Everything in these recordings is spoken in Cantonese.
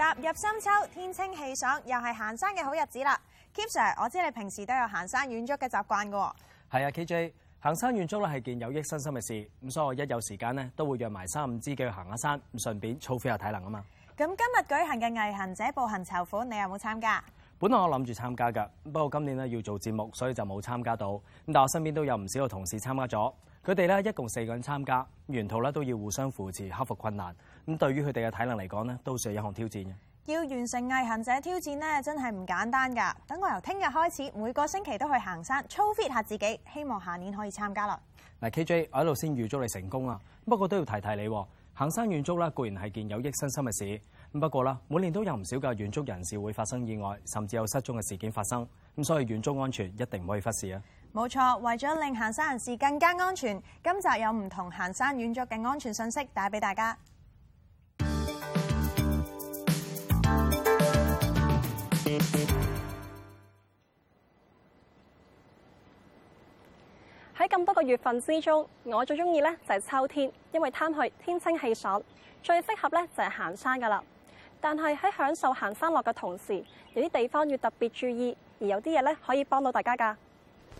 踏入深秋，天清氣爽，又係行山嘅好日子啦。K sir，我知你平時都有行山遠足嘅習慣噶喎。係啊，K J 行山遠足咧係件有益身心嘅事，咁所以我一有時間咧都會約埋三五知己去行下山，咁順便操 fit 下體能啊嘛。咁今日舉行嘅毅行者步行籌款，你有冇參加？本來我諗住參加㗎，不過今年咧要做節目，所以就冇參加到。咁但我身邊都有唔少嘅同事參加咗。佢哋咧一共四個人參加，沿途咧都要互相扶持，克服困難。咁對於佢哋嘅體能嚟講咧，都算係一項挑戰嘅。要完成毅行者挑戰咧，真係唔簡單噶。等我由聽日開始，每個星期都去行山，操 fit 下自己，希望下年可以參加啦。嗱，KJ，我喺度先預祝你成功啊！不過都要提提你，行山遠足啦，固然係件有益身心嘅事，不過啦，每年都有唔少嘅遠足人士會發生意外，甚至有失蹤嘅事件發生。咁所以遠足安全一定唔可以忽視啊！冇錯，為咗令行山人士更加安全，今集有唔同行山遠足嘅安全信息，帶俾大家。喺咁多個月份之中，我最中意咧就係秋天，因為貪去天清氣爽，最適合咧就係行山噶啦。但係喺享受行山樂嘅同時，有啲地方要特別注意，而有啲嘢咧可以幫到大家噶。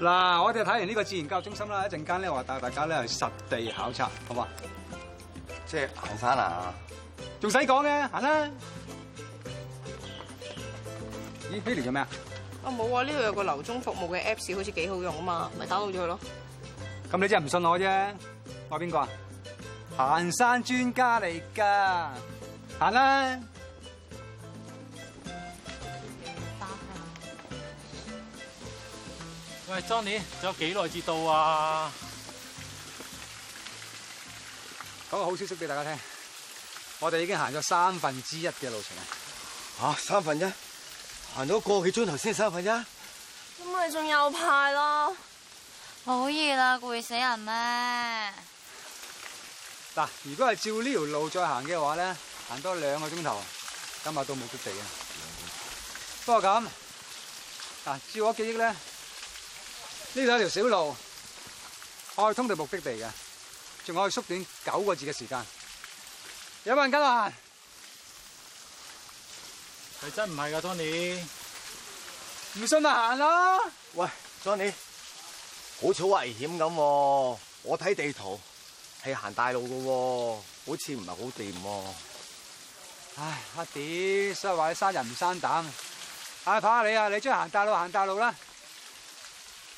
嗱，我哋睇完呢個自然教育中心啦，一陣間咧話帶大家咧去實地考察，好嘛？即係行山啊？仲使講嘅，行啦！咦，飛碟做咩啊？啊冇啊！呢度有，有個流中服務嘅 Apps，好似幾好用啊嘛，咪、嗯、打到咗佢咯。咁你真係唔信我啫？話邊個啊？行山專家嚟㗎，行啦！喂，Johnny，仲有幾耐至到啊？講個好消息俾大家聽，我哋已經行咗三分之一嘅路程。吓，三分一？行咗個幾鐘頭先三分一？咁咪仲有派咯？好熱啊，攰死人咩？嗱，如果係照呢條路再行嘅話咧，行多兩個鐘頭，今日都冇得地啊！不過咁，嗱，照我記憶咧。呢度有條小路，我通到目的地嘅，仲可以縮短九個字嘅時間。有冇人跟我行？係真唔係噶，Tony？唔信就行囉、啊！喂，Tony，好似好危險咁，我睇地圖係行大路噶，好似唔係好掂。唉，阿 Dee，所以話你生人唔生膽，阿怕你啊，你中意行大路，行大路啦。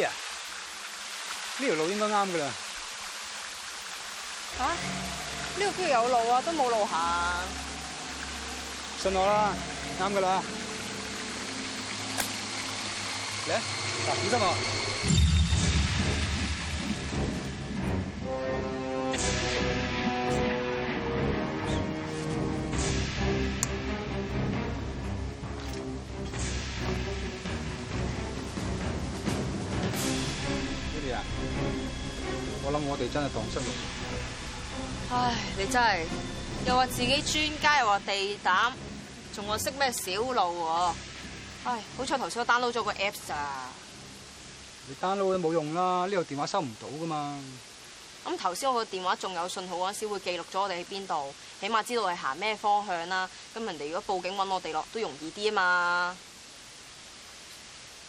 呢條路應該啱噶啦。嚇、啊，呢度邊有路啊？都冇路行，啊。信我啦，啱噶啦。嚟，嗱、啊，你先落。我哋真係蕩失路。唉，你真係又話自己專家，又話地膽，仲話識咩小路喎？唉，好彩頭先我 download 咗個 apps 啊。你 download 都冇用啦，呢個電話收唔到噶嘛。咁頭先我個電話仲有信號嗰陣時會記錄咗我哋喺邊度，起碼知道係行咩方向啦。咁人哋如果報警揾我哋落，都容易啲啊嘛。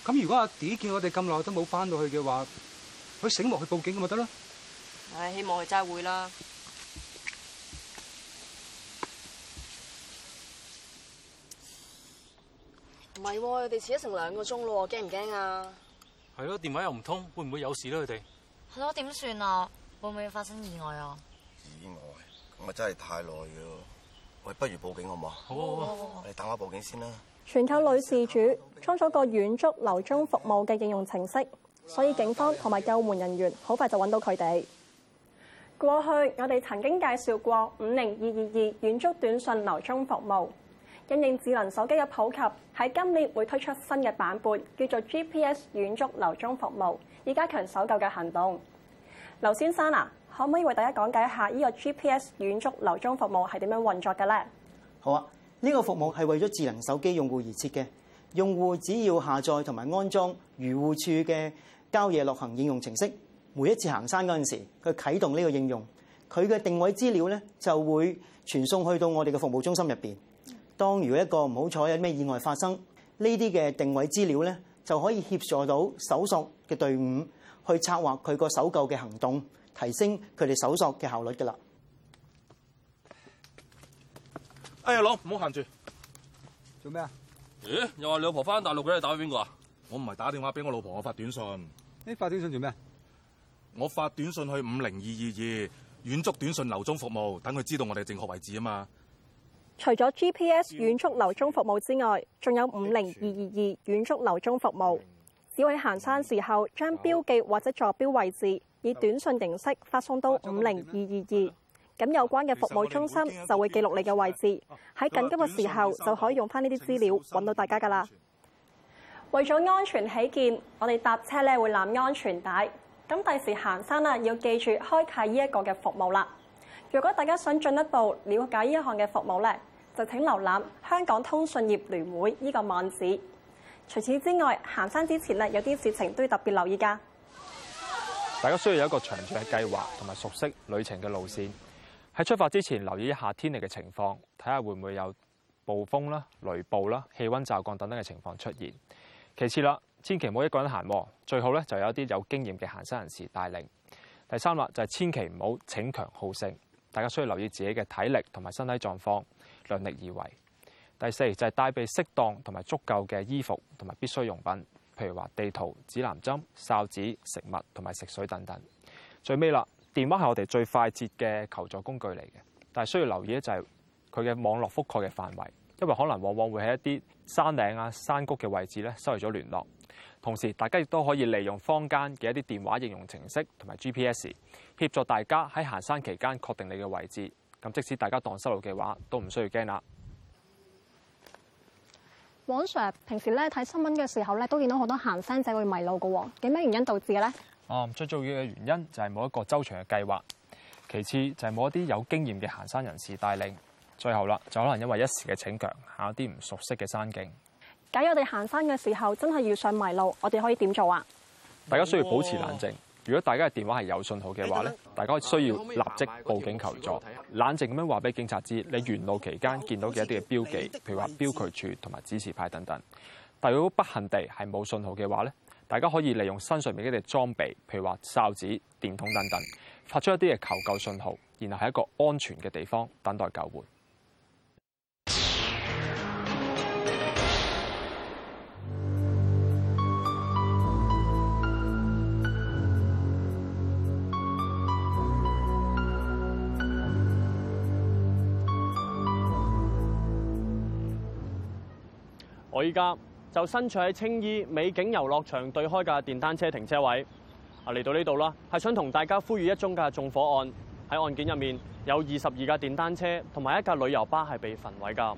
咁如果阿 D 見我哋咁耐都冇翻到去嘅話，佢醒目去報警咁咪得咯？唉，希望佢真會啦。唔係，佢哋遲咗成兩個鐘咯，驚唔驚啊？係咯、啊啊，電話又唔通，會唔會有事咧、啊？佢哋係咯，點算啊，啊？會唔會發生意外啊？意外咁啊，真係太耐咯。喂，不如報警好唔好？好，你、啊啊啊、等我報警先啦。全靠女事主裝咗個遠足留蹤服務嘅應用程式，所以警方同埋救援人員好快就揾到佢哋。過去我哋曾經介紹過50222遠足短訊留蹤服務，因應智能手機嘅普及，喺今年會推出新嘅版本，叫做 GPS 遠足留蹤服務，以加強搜救嘅行動。劉先生啊，可唔可以為大家講解一下呢個 GPS 遠足留蹤服務係點樣運作嘅呢？好啊，呢、呢個服務係為咗智能手機用戶而設嘅，用戶只要下載同埋安裝漁護處嘅郊野樂行應用程式。每一次行山嗰陣時，佢啟動呢個應用，佢嘅定位資料咧就會傳送去到我哋嘅服務中心入邊。當如果一個唔好彩有咩意外發生，呢啲嘅定位資料咧就可以協助到搜索嘅隊伍去策劃佢個搜救嘅行動，提升佢哋搜索嘅效率㗎啦。哎呀，老唔好行住做咩啊？咦，又話老婆翻大陸俾你打俾邊個啊？我唔係打電話俾我老婆，我發短信。你發短信做咩？我發短信去五零二二二遠足短信留蹤服務，等佢知道我哋正確位置啊嘛。除咗 GPS 遠足留蹤服務之外，仲有五零二二二遠足留蹤服務。只要喺行山時候，將標記或者坐標位置以短信形式發送到五零二二二，咁有關嘅服務中心就會記錄你嘅位置。喺緊急嘅時候就可以用翻呢啲資料搵到大家噶啦。為咗安全起見，我哋搭車咧會攬安全帶。咁第時行山啦，要記住開啟呢一個嘅服務啦。如果大家想進一步了解呢一項嘅服務咧，就請瀏覽香港通訊業聯會呢個網址。除此之外，行山之前呢，有啲事情都要特別留意噶。大家需要有一個詳盡嘅計劃，同埋熟悉旅程嘅路線。喺出發之前，留意一下天氣嘅情況，睇下會唔會有暴風啦、雷暴啦、氣溫驟降等等嘅情況出現。其次啦。千祈唔好一個人行，最好咧就有一啲有經驗嘅行山人士帶領。第三啦，就係千祈唔好逞強好勝，大家需要留意自己嘅體力同埋身體狀況，量力而為。第四就係帶備適當同埋足夠嘅衣服同埋必需用品，譬如話地圖、指南針、哨子、食物同埋食水等等。最尾啦，電話係我哋最快捷嘅求助工具嚟嘅，但係需要留意咧就係佢嘅網絡覆蓋嘅範圍，因為可能往往會喺一啲山嶺啊、山谷嘅位置咧收唔到聯絡。同時，大家亦都可以利用坊間嘅一啲電話應用程式同埋 GPS 協助大家喺行山期間確定你嘅位置。咁即使大家蕩失路嘅話，都唔需要驚啦。王 Sir，平時咧睇新聞嘅時候咧，都見到好多行山者會迷路嘅喎，點咩原因導致嘅呢？哦、啊，最重要嘅原因就係冇一個周詳嘅計劃；其次就係冇一啲有經驗嘅行山人士帶領；最後啦，就可能因為一時嘅逞強，行一啲唔熟悉嘅山徑。假如我哋行山嘅時候真係遇上迷路，我哋可以點做啊？大家需要保持冷靜。如果大家嘅電話係有信號嘅話咧，大家需要立即報警求助，可可求助看看冷靜咁樣話俾警察知、嗯、你沿路期間見到嘅一啲嘅標記，譬如話標距柱同埋指示牌等等。但如果不幸地係冇信號嘅話咧，大家可以利用身上面一啲嘅裝備，譬如話哨子、電筒等等，發出一啲嘅求救信號，然後喺一個安全嘅地方等待救援。依家就身處喺青衣美景遊樂場對開嘅電單車停車位，嚟到呢度啦，係想同大家呼籲一宗嘅縱火案。喺案件入面有二十二架電單車同埋一架旅遊巴係被焚毀㗎。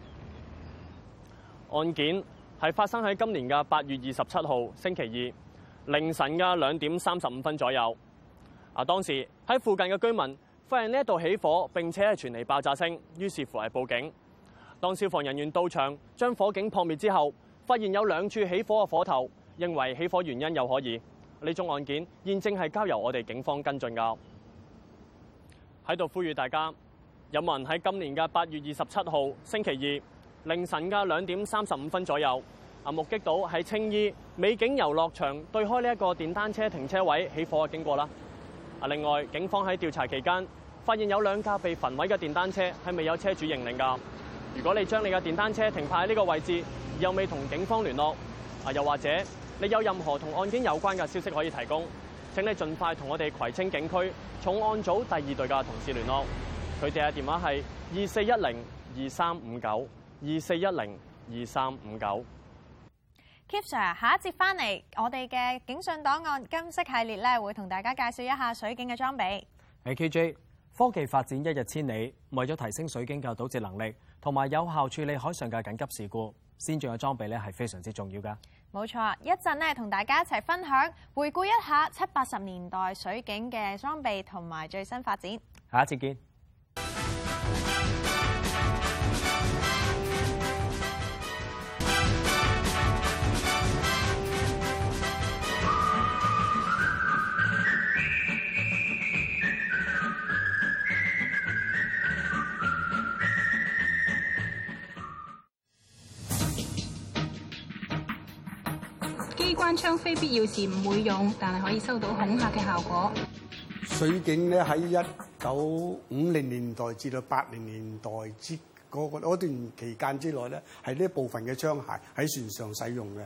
案件係發生喺今年嘅八月二十七號星期二凌晨嘅兩點三十五分左右。啊，當時喺附近嘅居民發現呢一度起火，並且係傳嚟爆炸聲，於是乎係報警。當消防人員到場將火警撲滅之後，發現有兩處起火嘅火頭，認為起火原因又可疑。呢宗案件現正係交由我哋警方跟進噶。喺度呼籲大家，有冇人喺今年嘅八月二十七號星期二凌晨嘅兩點三十五分左右啊目擊到喺青衣美景遊樂場對開呢一個電單車停車位起火嘅經過啦？啊，另外警方喺調查期間發現有兩架被焚毀嘅電單車係未有車主認領噶。如果你將你嘅電單車停泊喺呢個位置，又未同警方聯絡，啊，又或者你有任何同案件有關嘅消息可以提供，請你盡快同我哋葵青警區重案組第二隊嘅同事聯絡，佢哋嘅電話係二四一零二三五九二四一零二三五九。Kisha，下一節翻嚟，我哋嘅警訊檔案金色系列咧，會同大家介紹一下水警嘅裝備。係 KJ。科技發展一日千里，為咗提升水警嘅堵截能力同埋有效處理海上嘅緊急事故，先進嘅裝備咧係非常之重要噶。冇錯，一陣咧同大家一齊分享，回顧一下七八十年代水警嘅裝備同埋最新發展。下一次見。槍非必要時唔會用，但係可以收到恐嚇嘅效果。水警咧喺一九五零年代至到八零年代之嗰個嗰段期間之內咧，係呢一部分嘅槍械喺船上使用嘅。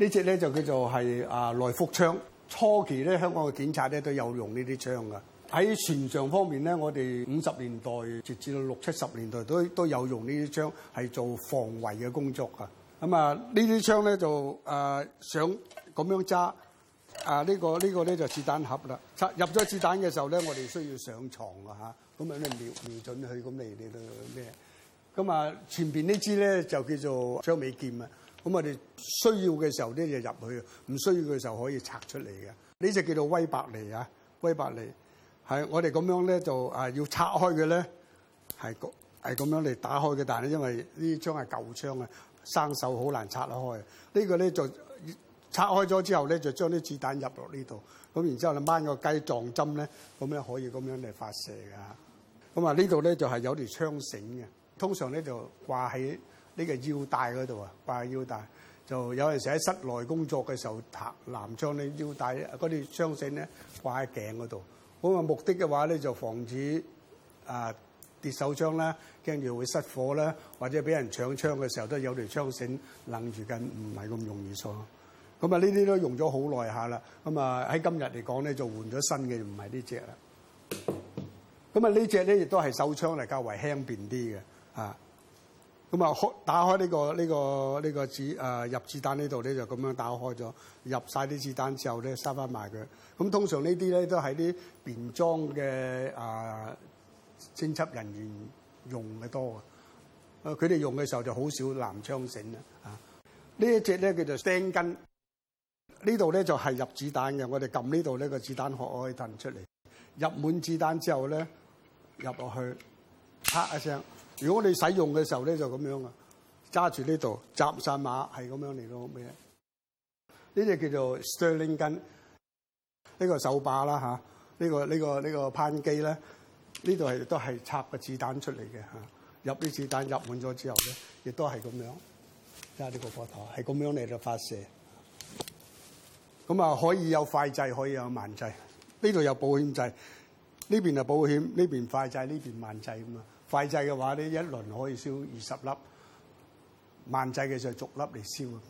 呢隻咧就叫做係啊來福槍。初期咧，香港嘅警察咧都有用呢啲槍噶。喺船上方面咧，我哋五十年代直至到六七十年代都都有用呢啲槍係做防衛嘅工作噶。咁啊，呢啲槍咧就誒想。咁樣揸啊！呢個呢個咧就子彈盒啦。拆入咗子彈嘅時候咧，我哋需要上膛啊嚇。咁啊，你瞄瞄準佢咁嚟嚟到咩？咁啊，前邊呢支咧就叫做槍尾劍啊。咁我哋需要嘅時候咧就入去，唔需要嘅時候可以拆出嚟嘅。呢隻叫做韋伯利啊，韋伯利係我哋咁樣咧就啊要拆開嘅，咧係係咁樣嚟打開嘅，但係因為呢槍係舊槍啊，生鏽好難拆得開啊。呢個咧就。拆開咗之後咧，就將啲子彈入落呢度。咁然之後，你掹個雞撞針咧，咁樣可以咁樣嚟發射㗎。咁啊，呢度咧就係有條槍繩嘅。通常咧就掛喺呢個腰帶嗰度啊，掛喺腰帶。就有陣時喺室內工作嘅時候，攤攔槍啲腰帶嗰條槍繩咧掛喺頸嗰度。咁啊，目的嘅話咧就防止啊跌手槍啦，跟住會失火啦，或者俾人搶槍嘅時候都有條槍繩攬住緊，唔係咁容易鎖。咁啊！呢啲都用咗好耐下啦。咁啊，喺今日嚟講咧，就換咗新嘅，唔係呢隻啦。咁啊，呢隻咧亦都係手槍嚟，較為輕便啲嘅啊。咁啊，開打開呢、呢個呢、呢個呢、呢個子、啊、入子彈呢度咧，就咁樣打開咗，入晒啲子彈之後咧，收翻埋佢。咁通常呢啲咧都係啲便裝嘅啊偵緝人員用嘅多啊。佢哋用嘅時候就好少南槍繩啊。呢一隻咧叫做釘筋。呢度咧就係入子彈嘅，我哋撳呢度呢個子彈殼可以褪出嚟。入滿子彈之後咧，入落去啪一聲。如果你使用嘅時候咧就咁樣啊，揸住呢度，集散馬係咁樣嚟到咩？呢隻叫做 Sterling gun，呢個手把啦嚇，呢個呢個呢個扳機咧，呢度係都係插個子彈出嚟嘅嚇。入啲子彈入滿咗之後咧，亦都係咁樣揸呢個火頭，係咁樣嚟到發射。咁啊，可以有快掣，可以有慢掣。呢度有保險掣，呢邊啊保險，呢邊快掣，呢邊慢掣咁啊。快掣嘅話，呢一輪可以燒二十粒；慢掣嘅就逐粒嚟燒啊。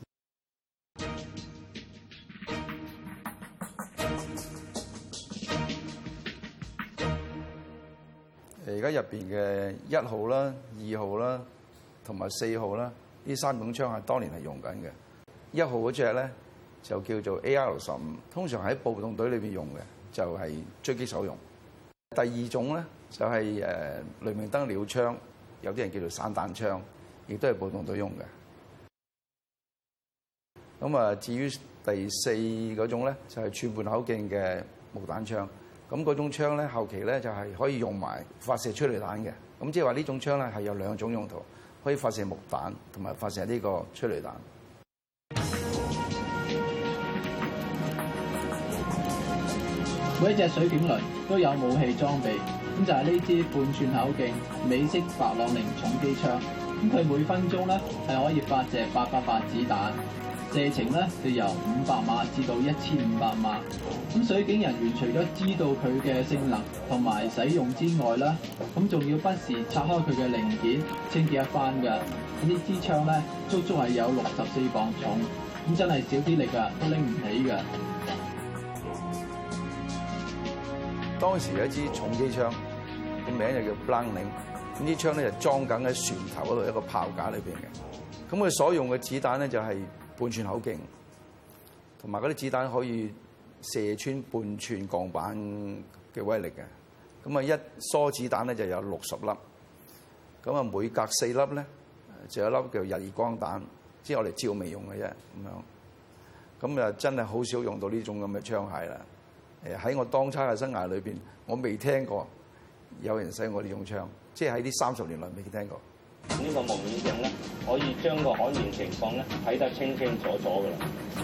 而家入邊嘅一號啦、二號啦、同埋四號啦，呢三種槍係當年係用緊嘅。一號嗰隻咧。就叫做 AR 十五，通常喺暴動隊裏邊用嘅，就係、是、追擊手用。第二種咧就係、是、誒雷明登鳥槍，有啲人叫做散彈槍，亦都係暴動隊用嘅。咁啊，至於第四嗰種咧，就係、是、全半口徑嘅木彈槍。咁嗰種槍咧，後期咧就係、是、可以用埋發射催淚彈嘅。咁即係話呢種槍咧係有兩種用途，可以發射木彈同埋發射呢個催淚彈。每一隻水警輪都有武器裝備，咁就係呢支半寸口徑美式白朗寧重機槍，咁佢每分鐘咧係可以發射八百發子彈，射程咧就由五百碼至到一千五百碼。咁水警人員除咗知道佢嘅性能同埋使用之外咧，咁仲要不時拆開佢嘅零件清潔一番㗎。呢支槍咧足足係有六十四磅重，咁真係少啲力噶都拎唔起㗎。當時有一支重機槍，個名就叫 Browning。呢支槍咧就裝緊喺船頭嗰度一個炮架裏邊嘅。咁佢所用嘅子彈咧就係半寸口徑，同埋嗰啲子彈可以射穿半寸鋼板嘅威力嘅。咁啊，一梭子彈咧就有六十粒。咁啊，每隔四粒咧，就有一粒叫曳光彈，即係我哋照明用嘅啫。咁樣，咁啊真係好少用到呢種咁嘅槍械啦。誒，喺我當差嘅生涯裏邊，我未聽過有人使我哋用槍，即係喺呢三十年內未聽過。呢個望遠鏡咧，可以將個海面情況咧睇得清清楚楚㗎喇。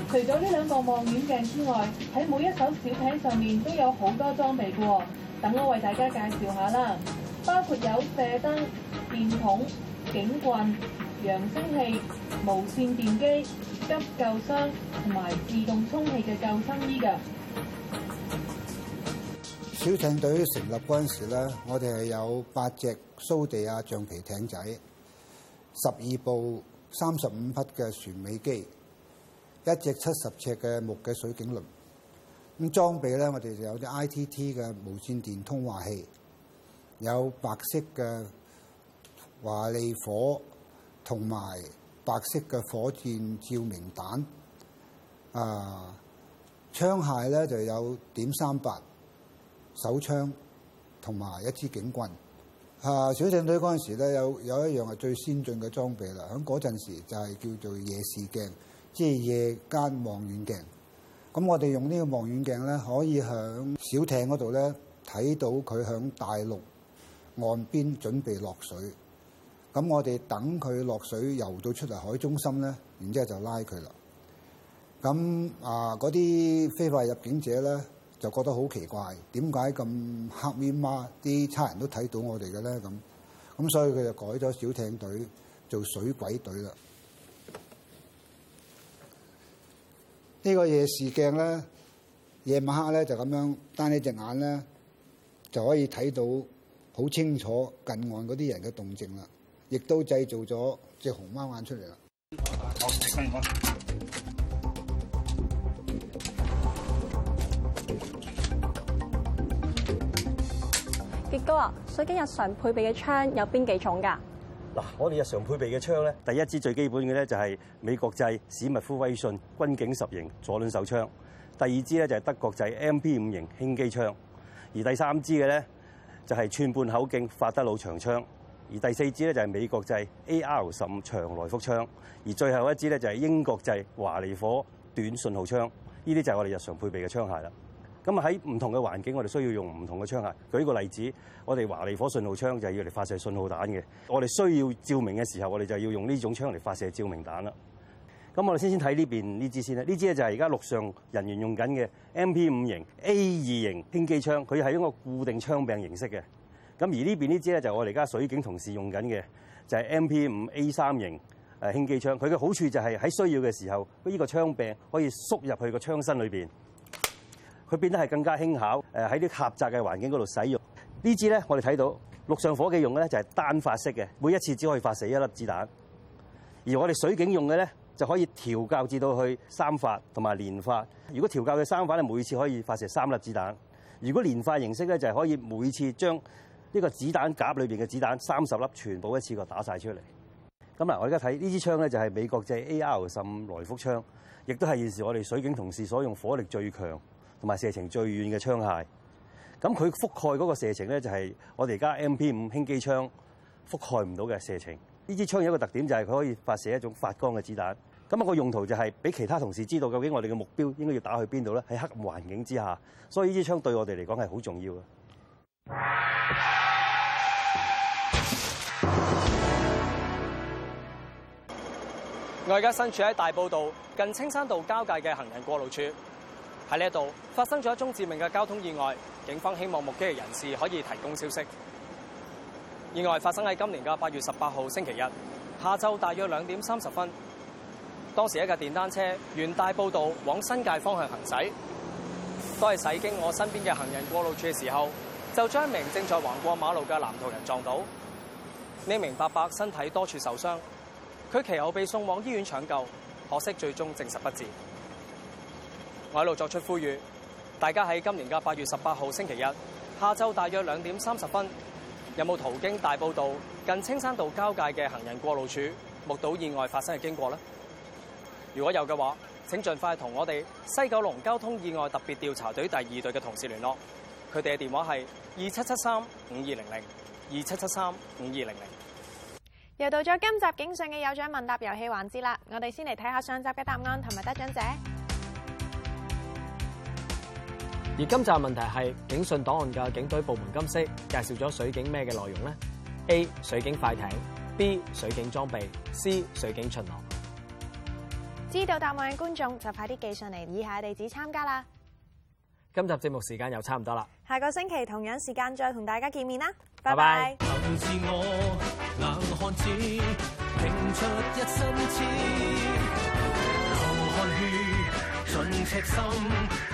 除咗呢兩個望遠鏡之外，喺每一艘小艇上面都有好多裝備㗎。等我為大家介紹一下啦，包括有射燈、電筒、警棍、揚聲器、無線電機、急救箱同埋自動充氣嘅救生衣㗎。小艇隊成立嗰陣時咧，我哋係有八隻蘇地亞橡皮艇仔，十二部三十五匹嘅船尾機，一隻七十尺嘅木嘅水警輪。咁裝備咧，我哋就有啲 I T T 嘅無線電通話器，有白色嘅華利火，同埋白色嘅火箭照明彈。啊，槍械咧就有點三八手槍同埋一支警棍。啊，小艇隊嗰陣時咧，有有一樣係最先進嘅裝備啦。響嗰陣時就係叫做夜視鏡，即係夜間望遠鏡。咁我哋用呢個望遠鏡咧，可以響小艇嗰度咧睇到佢響大陸岸邊準備落水。咁我哋等佢落水游到出嚟海中心咧，然之後就拉佢啦。咁啊，嗰啲非法入境者咧～就覺得好奇怪，點解咁黑麻麻啲差人都睇到我哋嘅咧？咁咁所以佢就改咗小艇隊做水鬼隊啦。呢個夜視鏡咧，夜晚黑咧就咁樣單起隻眼咧，就可以睇到好清楚近岸嗰啲人嘅動靜啦。亦都製造咗隻熊貓眼出嚟啦。哥啊，所以今日常配備嘅槍有邊幾種㗎？嗱，我哋日常配備嘅槍咧，第一支最基本嘅咧就係美國製史密夫威信軍警十型左輪手槍；第二支咧就係德國製 M P 五型輕機槍；而第三支嘅咧就係寸半口徑法德魯長槍；而第四支咧就係美國製 A R 十五長來福槍；而最後一支咧就係英國製華利火短信號槍。呢啲就係我哋日常配備嘅槍械啦。咁啊！喺唔同嘅環境，我哋需要用唔同嘅槍械。舉個例子，我哋華利火信號槍就係要嚟發射信號彈嘅。我哋需要照明嘅時候，我哋就要用呢種槍嚟發射照明彈啦。咁我哋先先睇呢邊呢支先啦。呢支咧就係而家陸上人員用緊嘅 M P 五型 A 二型輕機槍，佢係一個固定槍柄形式嘅。咁而呢邊呢支咧就係我哋而家水警同事用緊嘅，就係 M P 五 A 三型誒輕機槍。佢嘅好處就係喺需要嘅時候，呢個槍柄可以縮入去個槍身裏邊。佢變得係更加輕巧，誒喺啲狹窄嘅環境嗰度使用支呢支咧。我哋睇到陸上火器用嘅咧就係單發式嘅，每一次只可以發射一粒子彈。而我哋水警用嘅咧就可以調校至到去三發同埋連發。如果調校嘅三發咧，每次可以發射三粒子彈；如果連發形式咧，就係、是、可以每次將呢個子彈匣裏邊嘅子彈三十粒全部一次過打晒出嚟。咁嗱，我而家睇呢支槍咧，就係、是、美國製 AR15 來福槍，亦都係現時我哋水警同事所用火力最強，同埋射程最遠嘅槍械，咁佢覆蓋嗰個射程咧，就係我哋而家 MP5 輕機槍覆蓋唔到嘅射程。呢支槍有一個特點，就係佢可以發射一種發光嘅子彈。咁啊，個用途就係俾其他同事知道究竟我哋嘅目標應該要打去邊度咧？喺黑環境之下，所以呢支槍對我哋嚟講係好重要嘅。我而家身處喺大埔道近青山道交界嘅行人過路處。喺呢一度發生咗一宗致命嘅交通意外，警方希望目擊人士可以提供消息。意外發生喺今年嘅八月十八號星期日下晝大約兩點三十分，當時一架電單車沿大埔道往新界方向行駛，都係駛經我身邊嘅行人過路處嘅時候，就將一名正在橫過馬路嘅男途人撞到。呢名伯伯身體多處受傷，佢其後被送往醫院搶救，可惜最終證實不治。我一路作出呼籲，大家喺今年嘅八月十八號星期日下晝大約兩點三十分，有冇途經大埔道近青山道交界嘅行人過路處，目睹意外發生嘅經過呢？如果有嘅話，請盡快同我哋西九龍交通意外特別調查隊第二隊嘅同事聯絡，佢哋嘅電話係二七七三五二零零二七七三五二零零。又到咗今集《警訊》嘅有獎問答遊戲環節啦，我哋先嚟睇下上集嘅答案同埋得獎者。而今集問題係警訊檔案嘅警隊部門今昔介紹咗水警咩嘅內容呢？A. 水警快艇，B. 水警裝備，C. 水警巡邏。知道答案嘅觀眾就快啲寄上嚟以下地址參加啦。今集節目時間又差唔多啦，下個星期同樣時間再同大家見面啦。拜拜。拜拜憑自我，冷漢子拼出一身刺，流汗血，盡赤心。